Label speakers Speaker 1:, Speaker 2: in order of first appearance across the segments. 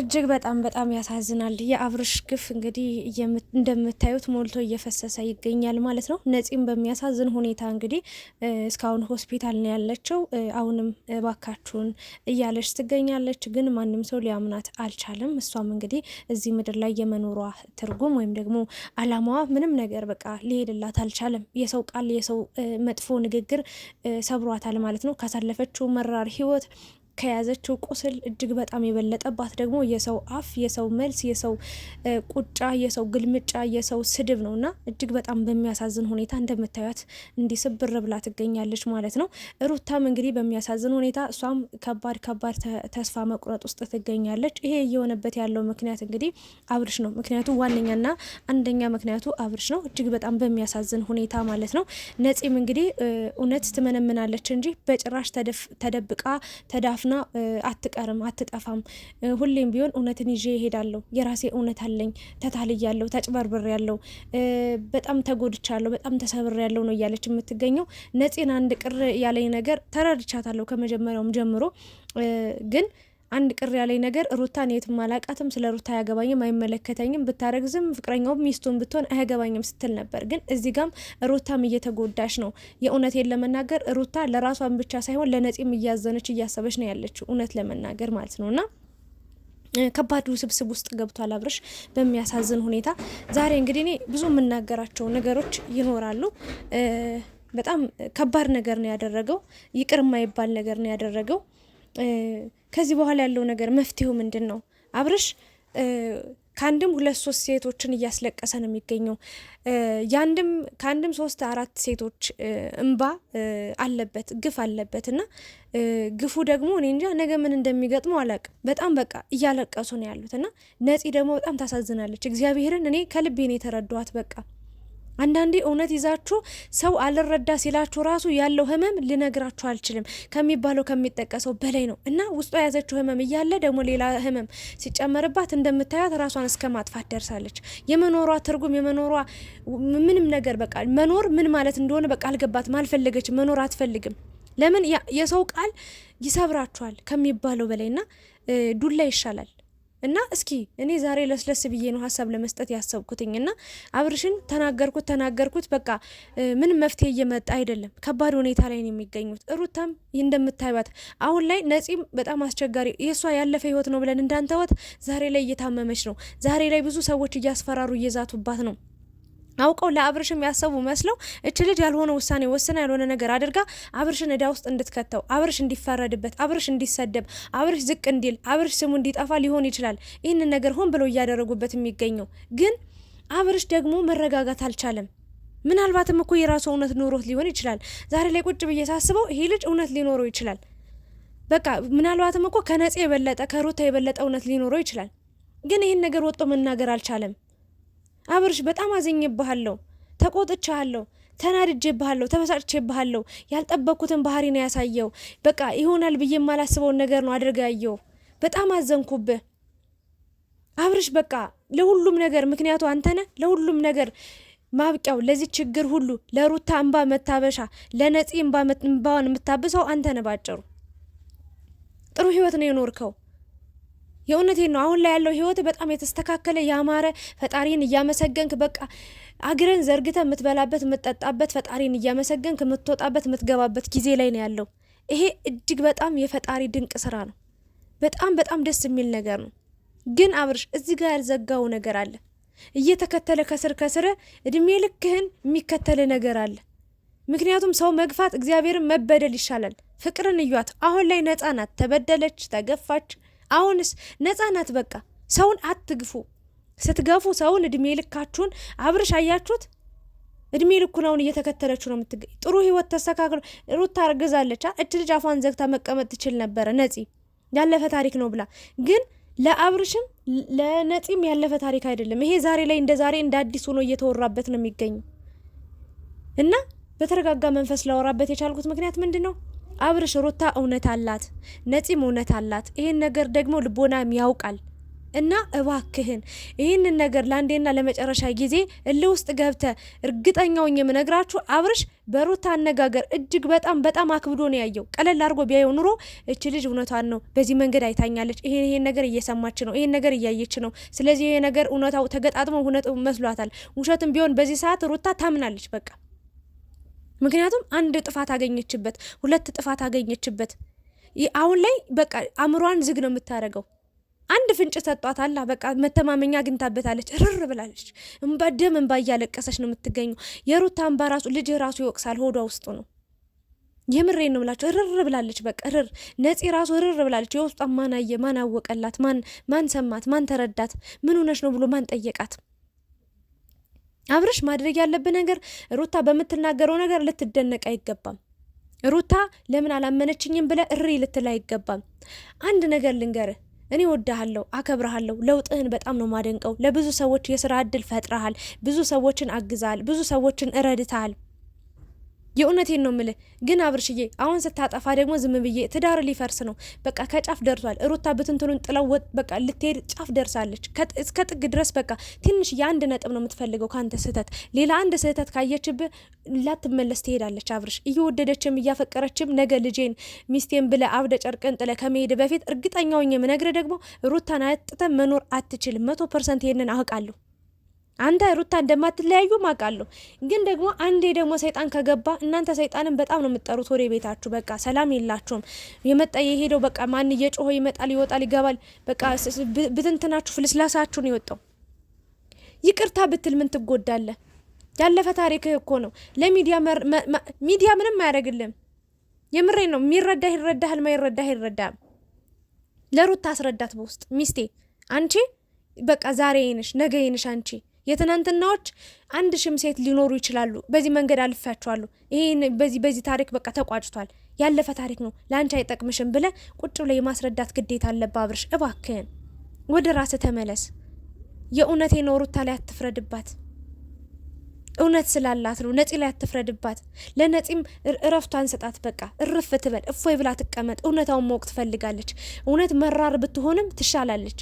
Speaker 1: እጅግ በጣም በጣም ያሳዝናል። የአብርሽ ግፍ እንግዲህ እንደምታዩት ሞልቶ እየፈሰሰ ይገኛል ማለት ነው። ነፂም በሚያሳዝን ሁኔታ እንግዲህ እስካሁን ሆስፒታል ነው ያለችው። አሁንም ባካችሁን እያለች ትገኛለች፣ ግን ማንም ሰው ሊያምናት አልቻለም። እሷም እንግዲህ እዚህ ምድር ላይ የመኖሯ ትርጉም ወይም ደግሞ አላማዋ ምንም ነገር በቃ ሊሄድላት አልቻለም። የሰው ቃል፣ የሰው መጥፎ ንግግር ሰብሯታል ማለት ነው። ካሳለፈችው መራር ህይወት ከያዘችው ቁስል እጅግ በጣም የበለጠባት ደግሞ የሰው አፍ፣ የሰው መልስ፣ የሰው ቁጫ፣ የሰው ግልምጫ፣ የሰው ስድብ ነው እና እጅግ በጣም በሚያሳዝን ሁኔታ እንደምታዩት እንዲስብር ብላ ትገኛለች ማለት ነው። ሩታም እንግዲህ በሚያሳዝን ሁኔታ እሷም ከባድ ከባድ ተስፋ መቁረጥ ውስጥ ትገኛለች። ይሄ እየሆነበት ያለው ምክንያት እንግዲህ አብርሽ ነው። ምክንያቱ ዋነኛና አንደኛ ምክንያቱ አብርሽ ነው። እጅግ በጣም በሚያሳዝን ሁኔታ ማለት ነው። ነፂም እንግዲህ እውነት ትመነምናለች እንጂ በጭራሽ ተደብቃ ተዳፍ ና አትቀርም፣ አትጠፋም። ሁሌም ቢሆን እውነትን ይዤ ይሄዳለሁ። የራሴ እውነት አለኝ። ተታልያለሁ፣ ተጭበርብሬያለሁ፣ በጣም ተጎድቻለሁ፣ በጣም ተሰብሬያለሁ ነው እያለች የምትገኘው። ነፂን አንድ ቅር ያለኝ ነገር ተረድቻታለሁ ከመጀመሪያውም ጀምሮ ግን አንድ ቅር ያለኝ ነገር ሩታን የትም አላቃትም፣ ስለ ሩታ አያገባኝም፣ አይመለከተኝም፣ ብታረግዝም ፍቅረኛውም ሚስቱን ብትሆን አያገባኝም ስትል ነበር። ግን እዚህ ጋም ሩታም እየተጎዳች ነው። የእውነቴን ለመናገር ሩታ ለራሷን ብቻ ሳይሆን ለነፂም እያዘነች እያሰበች ነው ያለችው፣ እውነት ለመናገር ማለት ነውና ከባድ ውስብስብ ውስጥ ገብቷል አብርሽ በሚያሳዝን ሁኔታ። ዛሬ እንግዲህ እኔ ብዙ የምናገራቸው ነገሮች ይኖራሉ። በጣም ከባድ ነገር ነው ያደረገው። ይቅር የማይባል ነገር ነው ያደረገው። ከዚህ በኋላ ያለው ነገር መፍትሄው ምንድን ነው? አብርሽ ከአንድም ሁለት ሶስት ሴቶችን እያስለቀሰ ነው የሚገኘው። ያንድም ከአንድም ሶስት አራት ሴቶች እንባ አለበት፣ ግፍ አለበት እና ግፉ ደግሞ እኔ እንጃ ነገ ምን እንደሚገጥመው አላቅ። በጣም በቃ እያለቀሱ ነው ያሉት እና ነፂ ደግሞ በጣም ታሳዝናለች። እግዚአብሔርን እኔ ከልቤ ነው የተረዷት በቃ አንዳንዴ እውነት ይዛችሁ ሰው አልረዳ ሲላችሁ ራሱ ያለው ህመም ልነግራችሁ አልችልም ከሚባለው ከሚጠቀሰው በላይ ነው እና ውስጧ የያዘችው ህመም እያለ ደግሞ ሌላ ህመም ሲጨመርባት እንደምታያት ራሷን እስከ ማጥፋት ደርሳለች። የመኖሯ ትርጉም የመኖሯ ምንም ነገር በቃ መኖር ምን ማለት እንደሆነ በቃ አልገባትም። አልፈለገች መኖር አትፈልግም። ለምን የሰው ቃል ይሰብራችኋል ከሚባለው በላይና ዱላ ይሻላል። እና እስኪ እኔ ዛሬ ለስለስ ብዬ ነው ሀሳብ ለመስጠት ያሰብኩትኝ። እና አብርሽን ተናገርኩት ተናገርኩት በቃ ምንም መፍትሄ እየመጣ አይደለም። ከባድ ሁኔታ ላይ ነው የሚገኙት። ሩታም እንደምታይባት አሁን ላይ ነፂም በጣም አስቸጋሪ የእሷ ያለፈ ህይወት ነው ብለን እንዳንተወት ዛሬ ላይ እየታመመች ነው። ዛሬ ላይ ብዙ ሰዎች እያስፈራሩ እየዛቱባት ነው። አውቀው ለአብርሽም ያሰቡ መስለው እች ልጅ ያልሆነ ውሳኔ ወስና ያልሆነ ነገር አድርጋ አብርሽን እዳ ውስጥ እንድትከተው፣ አብርሽ እንዲፈረድበት፣ አብርሽ እንዲሰደብ፣ አብርሽ ዝቅ እንዲል፣ አብርሽ ስሙ እንዲጠፋ ሊሆን ይችላል። ይህንን ነገር ሆን ብለው እያደረጉበት የሚገኘው ግን አብርሽ ደግሞ መረጋጋት አልቻለም። ምናልባትም እኮ የራሱ እውነት ኖሮት ሊሆን ይችላል። ዛሬ ላይ ቁጭ ብዬ ሳስበው ይሄ ልጅ እውነት ሊኖረው ይችላል። በቃ ምናልባትም እኮ ከነጽ የበለጠ ከሩታ የበለጠ እውነት ሊኖረው ይችላል። ግን ይህን ነገር ወጥቶ መናገር አልቻለም። አብርሽ በጣም አዘኝብሃለሁ፣ ተቆጥቻለሁ፣ ተናድጄብሃለሁ፣ ተበሳጭቼብሃለሁ። ያልጠበቅኩትን ባህሪ ነው ያሳየው። በቃ ይሆናል ብዬ የማላስበውን ነገር ነው አድርጋየው ያየው። በጣም አዘንኩብህ አብርሽ። በቃ ለሁሉም ነገር ምክንያቱ አንተ ነህ። ለሁሉም ነገር ማብቂያው ለዚህ ችግር ሁሉ ለሩታ እንባ መታበሻ፣ ለነፂ እንባዋን የምታብሰው አንተ ነህ። ባጭሩ ጥሩ ህይወት ነው የኖርከው የእውነቴን ነው። አሁን ላይ ያለው ህይወት በጣም የተስተካከለ ያማረ፣ ፈጣሪን እያመሰገንክ በቃ አግርን ዘርግተ የምትበላበት የምትጠጣበት፣ ፈጣሪን እያመሰገንክ የምትወጣበት የምትገባበት ጊዜ ላይ ነው ያለው። ይሄ እጅግ በጣም የፈጣሪ ድንቅ ስራ ነው። በጣም በጣም ደስ የሚል ነገር ነው። ግን አብርሽ እዚህ ጋር ያልዘጋው ነገር አለ። እየተከተለ ከስር ከስር እድሜ ልክህን የሚከተል ነገር አለ። ምክንያቱም ሰው መግፋት እግዚአብሔርን መበደል ይሻላል። ፍቅርን እዩት። አሁን ላይ ነፃ ናት። ተበደለች፣ ተገፋች አሁንስ ነጻ ናት። በቃ ሰውን አትግፉ። ስትገፉ ሰውን እድሜ ልካችሁን አብርሽ አያችሁት። እድሜ ልኩን አሁን እየተከተለችው ነው የምትገኝ። ጥሩ ህይወት ተስተካክሎ ሩታ ታርግዛለች። እች ልጅ አፏን ዘግታ መቀመጥ ትችል ነበረ። ነጺ ያለፈ ታሪክ ነው ብላ ግን ለአብርሽም ለነጺም ያለፈ ታሪክ አይደለም። ይሄ ዛሬ ላይ እንደ ዛሬ እንደ አዲስ ሆኖ እየተወራበት ነው የሚገኘው እና በተረጋጋ መንፈስ ላወራበት የቻልኩት ምክንያት ምንድን ነው? አብርሽ ሩታ እውነት አላት፣ ነፂም እውነት አላት። ይሄን ነገር ደግሞ ልቦናም ያውቃል። እና እባክህን ይህንን ነገር ለአንዴና ለመጨረሻ ጊዜ እልህ ውስጥ ገብተ እርግጠኛውን የምነግራችሁ አብርሽ በሩታ አነጋገር እጅግ በጣም በጣም አክብዶ ነው ያየው። ቀለል አድርጎ ቢያየው ኑሮ እች ልጅ እውነቷን ነው፣ በዚህ መንገድ አይታኛለች፣ ይሄን ይሄን ነገር እየሰማች ነው፣ ይሄን ነገር እያየች ነው። ስለዚህ ይሄ ነገር እውነታው ተገጣጥሞ እውነት መስሏታል። ውሸትም ቢሆን በዚህ ሰዓት ሩታ ታምናለች በቃ ምክንያቱም አንድ ጥፋት አገኘችበት፣ ሁለት ጥፋት አገኘችበት። አሁን ላይ በቃ አእምሯን ዝግ ነው የምታደርገው። አንድ ፍንጭ ሰጧት አላ በቃ መተማመኛ አግኝታበታለች። ርር ብላለች። እንባ ደም እንባ እያለቀሰች ነው የምትገኘው። የሩታ እንባ ራሱ ልጅ ራሱ ይወቅሳል ሆዷ ውስጡ ነው። የምሬ ነው ብላቸው፣ ርር ብላለች። በቃ ርር ነፂ ራሱ ርር ብላለች። የውስጧን ማን አየ? ማን አወቀላት? ማን ማን ሰማት? ማን ተረዳት? ምን ሆነች ነው ብሎ ማን ጠየቃት? አብርሽ ማድረግ ያለብህ ነገር ሩታ በምትናገረው ነገር ልትደነቅ አይገባም። ሩታ ለምን አላመነችኝም ብለህ እሪ ልትል አይገባም። አንድ ነገር ልንገርህ፣ እኔ ወድሃለሁ፣ አከብረሃለሁ። ለውጥህን በጣም ነው ማደንቀው። ለብዙ ሰዎች የስራ እድል ፈጥረሃል፣ ብዙ ሰዎችን አግዛሃል፣ ብዙ ሰዎችን እረድተሃል። የእውነቴን ነው ምልህ። ግን አብርሽዬ አሁን ስታጠፋ ደግሞ ዝም ብዬ ትዳር ሊፈርስ ነው። በቃ ከጫፍ ደርሷል። ሩታ ብትንትኑን ጥለው በቃ ልትሄድ ጫፍ ደርሳለች፣ እስከ ጥግ ድረስ በቃ ትንሽ የአንድ ነጥብ ነው የምትፈልገው ከአንተ ስህተት። ሌላ አንድ ስህተት ካየችብህ ላትመለስ ትሄዳለች። አብርሽ እየወደደችም እያፈቀረችም ነገ ልጄን ሚስቴን ብለ አብደ ጨርቅን ጥለ ከመሄድ በፊት እርግጠኛውኝ የምነግርህ ደግሞ ሩታን አያጥተ መኖር አትችልም። መቶ ፐርሰንት ይሄንን አውቃለሁ። አንተ ሩታ እንደማትለያዩ ማቃለሁ ግን ደግሞ አንዴ ደግሞ ሰይጣን ከገባ እናንተ ሰይጣንን በጣም ነው የምትጠሩት ወደ ቤታችሁ። በቃ ሰላም የላችሁም። የመጣ የሄደው በቃ ማን እየጮኸ ይመጣል፣ ይወጣል፣ ይገባል። በቃ ብትንትናችሁ ፍልስላሳችሁን ይወጣው። ይቅርታ ብትል ምን ትጎዳለ ያለፈ ታሪክህ እኮ ነው። ለሚዲያ ሚዲያ ምንም አያደርግልም። የምሬ ነው። የሚረዳህ ይረዳሃል፣ ማይረዳህ ይረዳሃል። ለሩታ አስረዳት በውስጥ ሚስቴ፣ አንቺ በቃ ዛሬ ይንሽ ነገ ይንሽ አንቺ የትናንትናዎች አንድ ሽም ሴት ሊኖሩ ይችላሉ። በዚህ መንገድ አልፋቸዋሉ። ይህን በዚህ በዚህ ታሪክ በቃ ተቋጭቷል፣ ያለፈ ታሪክ ነው፣ ለአንቺ አይጠቅምሽም ብለ ቁጭ ብለ የማስረዳት ግዴታ አለብህ አብርሽ። እባክህን ወደ ራስ ተመለስ። የእውነት የኖሩታ ላይ አትፍረድባት። እውነት ስላላት ነው። ነፂ ላይ አትፍረድባት። ለነፂም እረፍቷን ስጣት። በቃ እርፍ ትበል፣ እፎይ ብላ ትቀመጥ። እውነታውን ማወቅ ትፈልጋለች። እውነት መራር ብትሆንም ትሻላለች።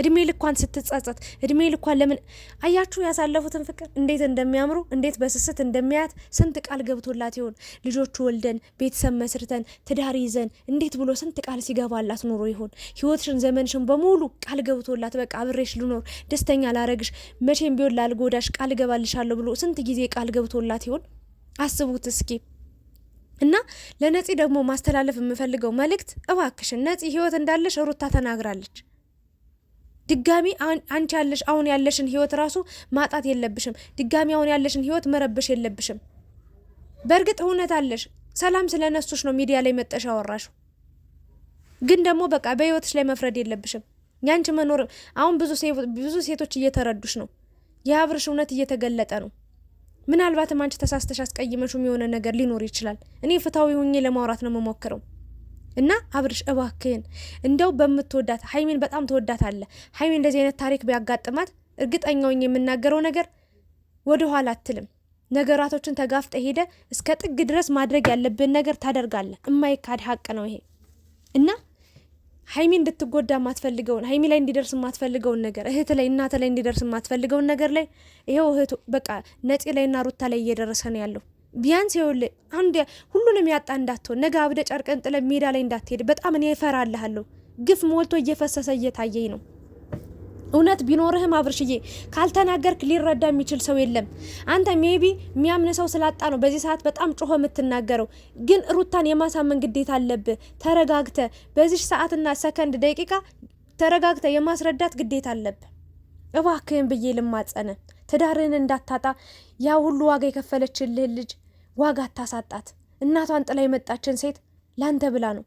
Speaker 1: እድሜ ልኳን ስትጸጸት፣ እድሜ ልኳን ለምን አያችሁ ያሳለፉትን ፍቅር እንዴት እንደሚያምሩ እንዴት በስስት እንደሚያያት ስንት ቃል ገብቶላት ይሆን? ልጆቹ ወልደን ቤተሰብ መስርተን ትዳር ይዘን እንዴት ብሎ ስንት ቃል ሲገባላት ኑሮ ይሆን? ህይወትሽን ዘመንሽን በሙሉ ቃል ገብቶላት በቃ አብሬሽ ልኖር ደስተኛ ላረግሽ መቼም ቢሆን ላልጎዳሽ ቃል ገባልሻለሁ ብሎ ስንት ጊዜ ቃል ገብቶላት ይሆን? አስቡት እስኪ። እና ለነፂ ደግሞ ማስተላለፍ የምፈልገው መልእክት እባክሽን ነፂ ህይወት እንዳለሽ ሩታ ተናግራለች። ድጋሚ አንቺ ያለሽ አሁን ያለሽን ህይወት ራሱ ማጣት የለብሽም። ድጋሚ አሁን ያለሽን ህይወት መረበሽ የለብሽም። በእርግጥ እውነት አለሽ። ሰላም ስለነሱሽ ነው ሚዲያ ላይ መጠሽ አወራሽ ግን ደግሞ በቃ በህይወትሽ ላይ መፍረድ የለብሽም። ያንቺ መኖር አሁን ብዙ ሴቶች እየተረዱሽ ነው። የአብርሽ እውነት እየተገለጠ ነው። ምናልባትም አንቺ ተሳስተሽ አስቀይመሽም የሆነ ነገር ሊኖር ይችላል። እኔ ፍትሐዊ ሁኜ ለማውራት ነው የምሞክረው። እና አብርሽ እባክህን እንደው በምትወዳት ሀይሜን በጣም ተወዳት አለ ሀይሜ እንደዚህ አይነት ታሪክ ቢያጋጥማት እርግጠኛውኝ የምናገረው ነገር ወደኋላ አትልም። ነገራቶችን ተጋፍጠ ሄደ እስከ ጥግ ድረስ ማድረግ ያለብን ነገር ታደርጋለህ። እማይካድ ሀቅ ነው ይሄ እና ሀይሚ እንድትጎዳ የማትፈልገውን ሀይሚ ላይ እንዲደርስ የማትፈልገውን ነገር እህት ላይ እናት ላይ እንዲደርስ የማትፈልገውን ነገር ላይ ይኸው እህቱ በቃ ነፂ ላይ እና ሩታ ላይ እየደረሰ ነው ያለው። ቢያንስ ይኸውልህ አንድ ሁሉንም ያጣ እንዳትሆን ነገ አብደ ጨርቅን ጥለ ሜዳ ላይ እንዳትሄድ በጣም እኔ እፈራልሃለሁ። ግፍ ሞልቶ እየፈሰሰ እየታየኝ ነው። እውነት ቢኖርህም አብርሽዬ ካልተናገርክ ሊረዳ የሚችል ሰው የለም። አንተ ሜቢ የሚያምን ሰው ስላጣ ነው በዚህ ሰዓት በጣም ጮሆ የምትናገረው። ግን ሩታን የማሳመን ግዴታ አለብህ። ተረጋግተ በዚህ ሰዓትና ሰከንድ ደቂቃ ተረጋግተ የማስረዳት ግዴታ አለብህ። እባክህን ብዬ ልማጸነ ትዳርህን እንዳታጣ ያ ሁሉ ዋጋ የከፈለችልህ ልጅ ዋጋ አታሳጣት። እናቷን ጥላ የመጣችን ሴት ላንተ ብላ ነው።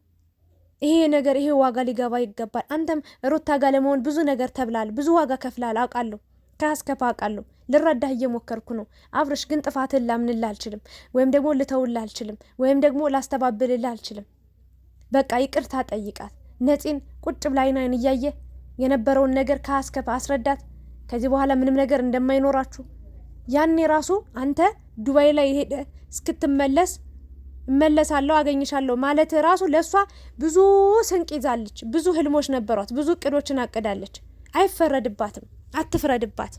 Speaker 1: ይሄ ነገር ይሄ ዋጋ ሊገባ ይገባል። አንተም ሩታ ጋ ለመሆን ብዙ ነገር ተብላል፣ ብዙ ዋጋ ከፍላል። አውቃለሁ፣ ከአስከፋ አውቃለሁ። ልረዳህ እየሞከርኩ ነው። አብርሽ ግን ጥፋትን ላምንልህ አልችልም፣ ወይም ደግሞ ልተውልህ አልችልም፣ ወይም ደግሞ ላስተባብልልህ አልችልም። በቃ ይቅርታ ጠይቃት። ነፂን ቁጭ ብላ እያየ የነበረውን ነገር ከአስከፋ አስረዳት። ከዚህ በኋላ ምንም ነገር እንደማይኖራችሁ ያኔ ራሱ አንተ ዱባይ ላይ ሄደ እስክትመለስ እመለሳለሁ አገኝሻለሁ ማለት ራሱ ለእሷ ብዙ ስንቅ ይዛለች። ብዙ ህልሞች ነበሯት። ብዙ እቅዶችን አቅዳለች። አይፈረድባትም። አትፍረድባት።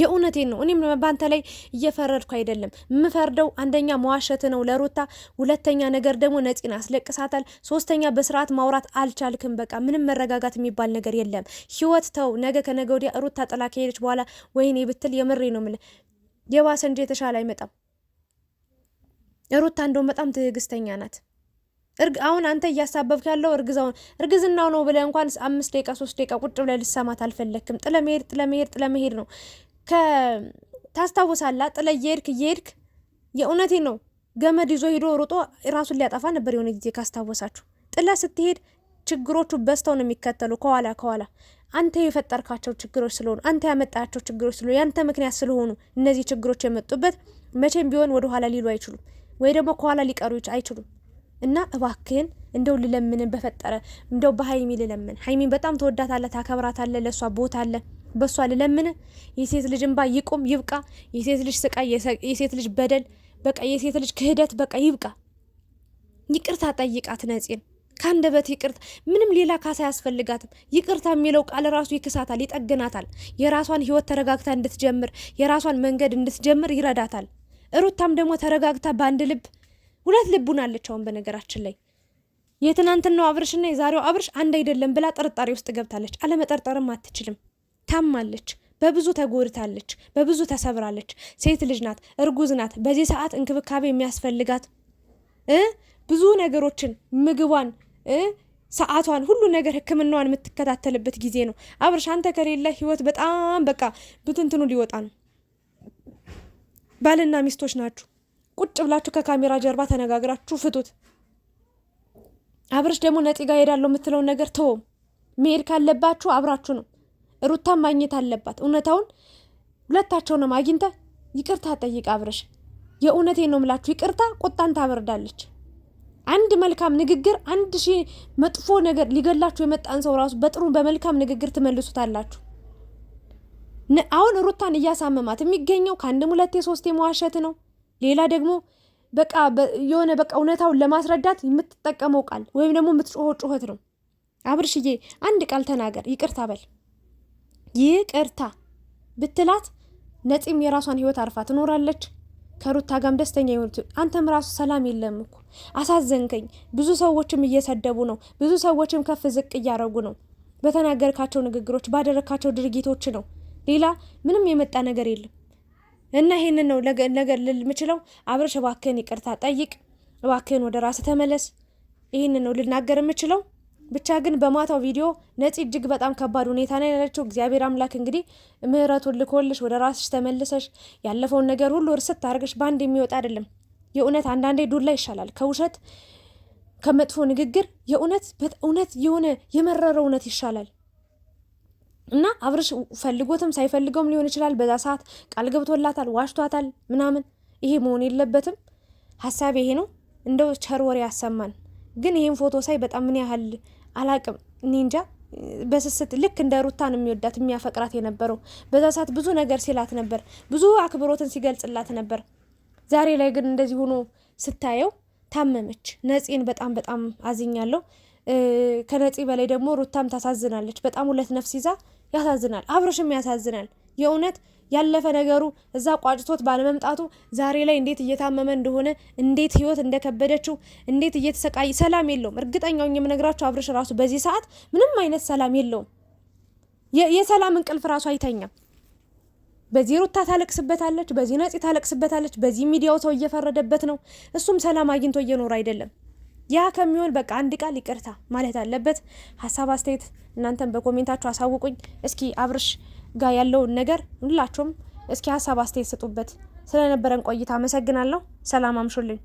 Speaker 1: የእውነቴን ነው። እኔም በአንተ ላይ እየፈረድኩ አይደለም። የምፈርደው አንደኛ መዋሸት ነው ለሩታ፣ ሁለተኛ ነገር ደግሞ ነፂን አስለቅሳታል፣ ሶስተኛ በስርዓት ማውራት አልቻልክም። በቃ ምንም መረጋጋት የሚባል ነገር የለም። ህይወት ተው። ነገ ከነገ ወዲያ ሩታ ጥላ ከሄደች በኋላ ወይኔ ብትል የምሬ ነው የምልህ የባሰ እንጂ የተሻለ አይመጣም። ሩታ እንደውም በጣም ትዕግስተኛ ናት። አሁን አንተ እያሳበብክ ያለው እርግዛውን እርግዝናው ነው ብለህ እንኳን አምስት ደቂቃ ሶስት ደቂቃ ቁጭ ብለህ ልሰማት አልፈለክም። ጥለመሄድ ጥለመሄድ ጥለመሄድ ነው ታስታውሳላ ጥለ እየሄድክ እየሄድክ የእውነቴ ነው ገመድ ይዞ ሄዶ ሮጦ ራሱን ሊያጠፋ ነበር። የሆነ ጊዜ ካስታወሳችሁ ጥለ ስትሄድ ችግሮቹ በዝተው ነው የሚከተሉ ከኋላ ከኋላ አንተ የፈጠርካቸው ችግሮች ስለሆኑ አንተ ያመጣቸው ችግሮች ስለሆኑ ያንተ ምክንያት ስለሆኑ እነዚህ ችግሮች የመጡበት መቼም ቢሆን ወደ ኋላ ሊሉ አይችሉም፣ ወይ ደግሞ ከኋላ ሊቀሩ አይችሉም። እና እባክህን እንደው ልለምንን በፈጠረ እንደው በሀይሚ ልለምን። ሀይሚን በጣም ተወዳታለህ፣ ታከብራታለህ፣ ለእሷ ቦታ አለ። በሷ ልለምን። የሴት ልጅ እንባ ይቁም፣ ይብቃ። የሴት ልጅ ስቃይ፣ የሴት ልጅ በደል፣ በቃ የሴት ልጅ ክህደት፣ በቃ ይብቃ። ይቅርታ ጠይቃት ነፂን ከአንደበት ይቅርታ ምንም ሌላ ካሳ አያስፈልጋትም። ይቅርታ የሚለው ቃል ራሱ ይክሳታል፣ ይጠግናታል። የራሷን ህይወት ተረጋግታ እንድትጀምር የራሷን መንገድ እንድትጀምር ይረዳታል። ሩታም ደግሞ ተረጋግታ በአንድ ልብ ሁለት ልቡን አለች። በነገራችን ላይ የትናንትናው አብርሽና የዛሬው አብርሽ አንድ አይደለም ብላ ጥርጣሬ ውስጥ ገብታለች። አለመጠርጠርም አትችልም። ታማለች፣ በብዙ ተጎድታለች፣ በብዙ ተሰብራለች። ሴት ልጅ ናት፣ እርጉዝ ናት። በዚህ ሰዓት እንክብካቤ የሚያስፈልጋት ብዙ ነገሮችን ምግቧን ሰዓቷን ሁሉ ነገር ህክምናዋን የምትከታተልበት ጊዜ ነው። አብርሽ አንተ ከሌለ ህይወት በጣም በቃ ብትንትኑ ሊወጣ ነው። ባልና ሚስቶች ናችሁ። ቁጭ ብላችሁ ከካሜራ ጀርባ ተነጋግራችሁ ፍቱት። አብርሽ ደግሞ ነፂ ጋ ሄዳለሁ የምትለውን ነገር ተወም። መሄድ ካለባችሁ አብራችሁ ነው። ሩታ ማግኘት አለባት። እውነታውን ሁለታቸውንም አግኝተ ይቅርታ ጠይቅ አብረሽ። የእውነቴ ነው ምላችሁ፣ ይቅርታ ቁጣን ታበርዳለች። አንድ መልካም ንግግር አንድ ሺ መጥፎ ነገር ሊገላችሁ የመጣን ሰው ራሱ በጥሩ በመልካም ንግግር ትመልሱታላችሁ። አሁን ሩታን እያሳመማት የሚገኘው ከአንድም ሁለቴ ሶስቴ መዋሸት ነው። ሌላ ደግሞ በቃ የሆነ በቃ እውነታውን ለማስረዳት የምትጠቀመው ቃል ወይም ደግሞ የምትጮኸው ጩኸት ነው። አብርሽዬ አንድ ቃል ተናገር፣ ይቅርታ በል። ይቅርታ ብትላት ነፂም የራሷን ህይወት አርፋ ትኖራለች። ከሩታ ጋም ደስተኛ የሆኑት አንተም ራሱ ሰላም የለም እኮ አሳዘንከኝ። ብዙ ሰዎችም እየሰደቡ ነው፣ ብዙ ሰዎችም ከፍ ዝቅ እያደረጉ ነው። በተናገርካቸው ንግግሮች፣ ባደረካቸው ድርጊቶች ነው። ሌላ ምንም የመጣ ነገር የለም እና ይሄንን ነው ነገር ልል ምችለው። አብረሽ እባክህን ይቅርታ ጠይቅ፣ እባክህን ወደ ራስ ተመለስ። ይህንን ነው ልናገር የምችለው። ብቻ ግን በማታው ቪዲዮ ነፂ እጅግ በጣም ከባድ ሁኔታ ነው ያለችው። እግዚአብሔር አምላክ እንግዲህ ምህረቱን ልኮልሽ ወደ ራስሽ ተመልሰሽ ያለፈውን ነገር ሁሉ እርስት አድርገሽ በአንድ የሚወጣ አይደለም። የእውነት አንዳንዴ ዱላ ይሻላል ከውሸት ከመጥፎ ንግግር የእውነት እውነት የሆነ የመረረ እውነት ይሻላል። እና አብርሽ ፈልጎትም ሳይፈልገውም ሊሆን ይችላል። በዛ ሰዓት ቃል ገብቶላታል፣ ዋሽቷታል ምናምን። ይሄ መሆን የለበትም። ሀሳብ ይሄ ነው። እንደው ቸር ወሬ ያሰማን። ግን ይህም ፎቶ ሳይ በጣም ምን ያህል አላቅም እኔ እንጃ በስስት ልክ እንደ ሩታን የሚወዳት የሚያፈቅራት የነበረው በዛ ሰዓት ብዙ ነገር ሲላት ነበር፣ ብዙ አክብሮትን ሲገልጽላት ነበር። ዛሬ ላይ ግን እንደዚህ ሆኖ ስታየው ታመመች። ነፂን በጣም በጣም አዝኛለሁ። ከነፂ በላይ ደግሞ ሩታም ታሳዝናለች። በጣም ሁለት ነፍስ ይዛ ያሳዝናል። አብረሽም ያሳዝናል የእውነት ያለፈ ነገሩ እዛ ቋጭቶት ባለመምጣቱ ዛሬ ላይ እንዴት እየታመመ እንደሆነ እንዴት ህይወት እንደከበደችው እንዴት እየተሰቃይ ሰላም የለውም። እርግጠኛውን የምነግራቸው አብርሽ ራሱ በዚህ ሰዓት ምንም አይነት ሰላም የለውም። የሰላም እንቅልፍ ራሱ አይተኛም። በዚህ ሩታ ታለቅስበታለች፣ በዚህ ነጽ ታለቅስበታለች፣ በዚህ ሚዲያው ሰው እየፈረደበት ነው። እሱም ሰላም አግኝቶ እየኖረ አይደለም። ያ ከሚሆን በቃ አንድ ቃል ይቅርታ ማለት አለበት። ሀሳብ አስተያየት እናንተን በኮሜንታችሁ አሳውቁኝ። እስኪ አብርሽ ጋር ያለውን ነገር ሁላችሁም እስኪ ሀሳብ አስተያየት ስለነበረን ቆይታ አመሰግናለሁ። ሰላም አምሹልኝ።